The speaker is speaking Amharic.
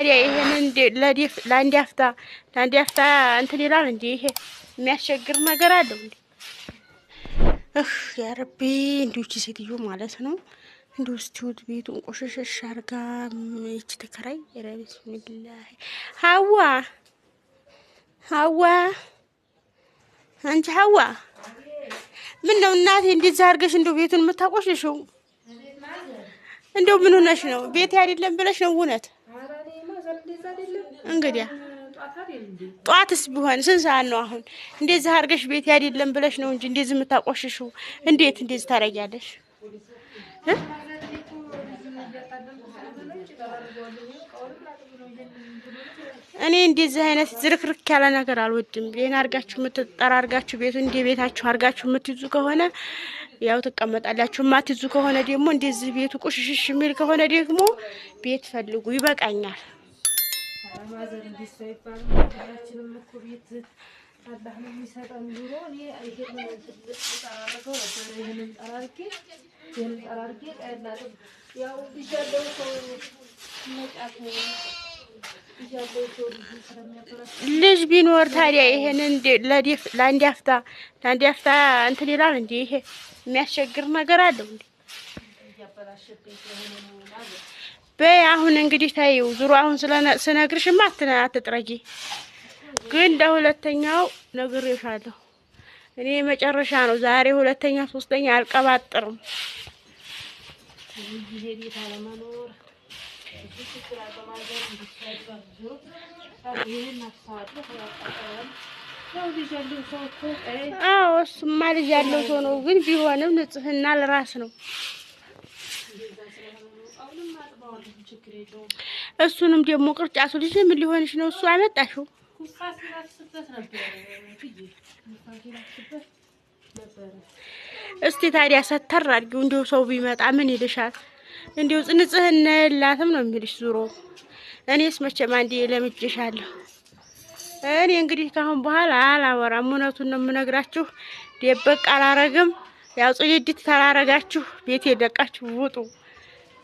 ታዲያ ይሄንን ለአንድ አፍታ ለአንድ አፍታ እንትን ይላል እንዴ? ይሄ የሚያስቸግር ነገር አለው እንዴ? እህ ያረቢ እንዲች ሴትዮ ማለት ነው። እንዲ ቤቱን ቆሸሸሽ አርጋ ይች ተከራይ ሀዋ ሀዋ አንቺ ሀዋ ምን ነው እናቴ እንዲዛ አርገሽ እንደው ቤቱን የምታቆሽሽው? እንደው ምን ሆነሽ ነው? ቤት አይደለም ብለሽ ነው እውነት እንግዲያ ጧትስ ቢሆን ስንት ሰዓት ነው አሁን? እንደዚህ አድርገሽ ቤት አይደለም ብለሽ ነው እንጂ እንደዚህ የምታቆሽሽው። እንዴት እንደዚህ ታደርጊያለሽ? እኔ እንደዚህ አይነት ዝርክርክ ያለ ነገር አልወድም። ይሄን አድርጋችሁ የምትጠራርጋችሁ ቤቱ እንደ ቤታችሁ አድርጋችሁ የምትይዙ ከሆነ ያው ትቀመጣላችሁ። የማትይዙ ከሆነ ደግሞ እንደዚህ ቤቱ ቁሽሽሽ የሚል ከሆነ ደግሞ ቤት ፈልጉ። ይበቃኛል ማዘር እኮ ቤት አላህ ነው የሚሰጠን። ኑሮ እኔ ጠራርገው ይህንን ጠራርጌ ይህንን ጠራርጌ ያው ይዣለው ሰው መጫት ልጅ ቢኖር ታዲያ ይሄን ለአንድ አፍታ ለአንድ አፍታ እንትን ይላል እንዴ? ይሄ የሚያስቸግር ነገር አለው እንዴ? በይ አሁን እንግዲህ ታየው ዙሩ። አሁን ስነግርሽማ አትጥረጊ፣ ግን ለሁለተኛው ነግሬሻለሁ። እኔ መጨረሻ ነው ዛሬ፣ ሁለተኛ ሶስተኛ አልቀባጥርም። አዎ እሱማ ልጅ ያለው ሰው ነው፣ ግን ቢሆንም ንጽህና ለራስ ነው። እሱንም ደግሞ ቅርጫቱ ልጅ ምን ሊሆንሽ ነው? እሱ አመጣሽው እስቲ ታዲያ ሰተር አድርጊው። እንዲሁ ሰው ቢመጣ ምን ይልሻል? እንዲሁ ንጽህና የላትም ነው የሚልሽ ዙሮ። እኔስ መቼም አንዴ ለምጄሻለሁ። እኔ እንግዲህ ካሁን በኋላ አላወራም። እውነቱን ነው የምነግራችሁ። ደበቅ አላረግም። ያው ጽድት ተራረጋችሁ፣ ቤት የደቃችሁ ውጡ።